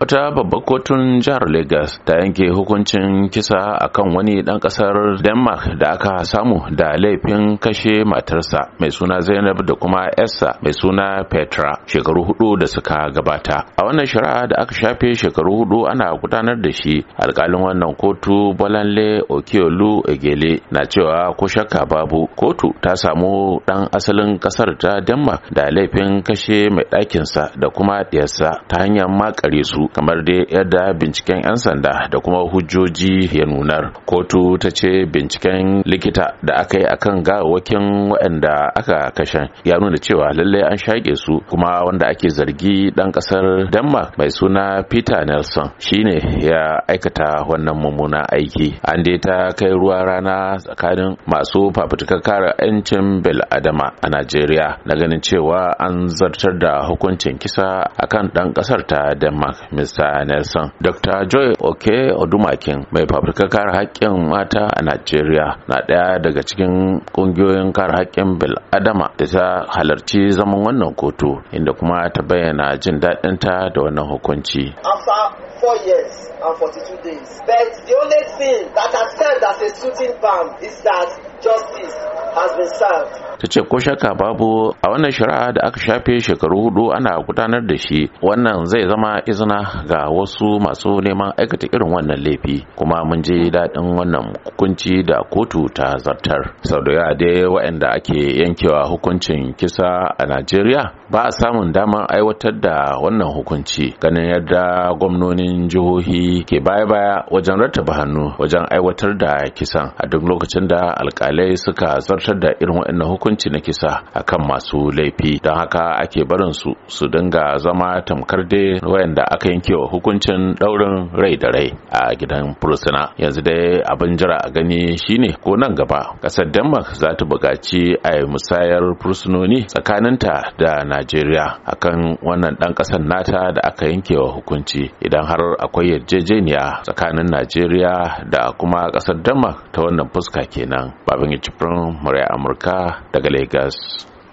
wata babbar kotun jihar Legas ta yanke hukuncin kisa akan wani dan kasar denmark da aka samu da laifin kashe matarsa mai suna zainab da kuma yarsa mai suna petra shekaru hudu da suka gabata a wannan shari'a da aka shafe shekaru hudu ana gudanar da shi alkalin wannan kotu bolanle okiolu egele na cewa ko shakka babu kotu ta samu dan asalin kasar ta denmark da laifin kashe mai ɗakinsa da kuma ɗiyarsa ta hanyar makare su kamar dai yadda binciken 'yan sanda da kuma hujjoji ya nunar kotu ta ce binciken likita da aka yi a kan gawakin waɗanda aka kashe ya nuna cewa lallai an shaƙe su kuma wanda ake zargi ɗan ƙasar denmark mai suna peter nelson shine ya aikata wannan mummunan aiki an dai ta kai ruwa rana tsakanin masu fafutukar kare 'yancin bil adama a najeriya na ganin cewa an zartar da hukuncin kisa akan ɗan ƙasar ta denmark Mr. Nelson. Dr. Joy Oke Odumakin mai fafutukar kare haƙƙin mata a Najeriya na ɗaya daga cikin ƙungiyoyin kare haƙƙin bil'adama da ta halarci zaman wannan kotu inda kuma ta bayyana jin daɗinta da wannan hukunci. four years and days. But justice ta ce ko shakka babu a wannan shari'a da aka shafe shekaru hudu ana gudanar da shi wannan zai zama izina ga wasu masu neman aikata irin wannan laifi kuma mun ji daɗin wannan hukunci da kotu ta zartar sau da yawa dai waɗanda ake yankewa hukuncin kisa a najeriya ba a samun damar aiwatar da wannan hukunci ganin yadda gwamnonin jihohi ke baya-baya wajen rattaba hannu wajen aiwatar da kisan a duk lokacin da alkalai suka zartar tabbatar da irin wa'annan hukunci na kisa akan masu laifi don haka ake barin su su dinga zama tamkar dai wayanda aka yanke wa hukuncin daurin rai da rai a gidan fursuna yanzu dai abin jira a gani shine ko nan gaba kasar denmark za ta buƙaci a musayar fursunoni tsakaninta da najeriya akan wannan ɗan ƙasar nata da aka yanke wa hukunci idan har akwai yarjejeniya tsakanin najeriya da kuma ƙasar denmark ta wannan fuska kenan babin murai amurka daga lagos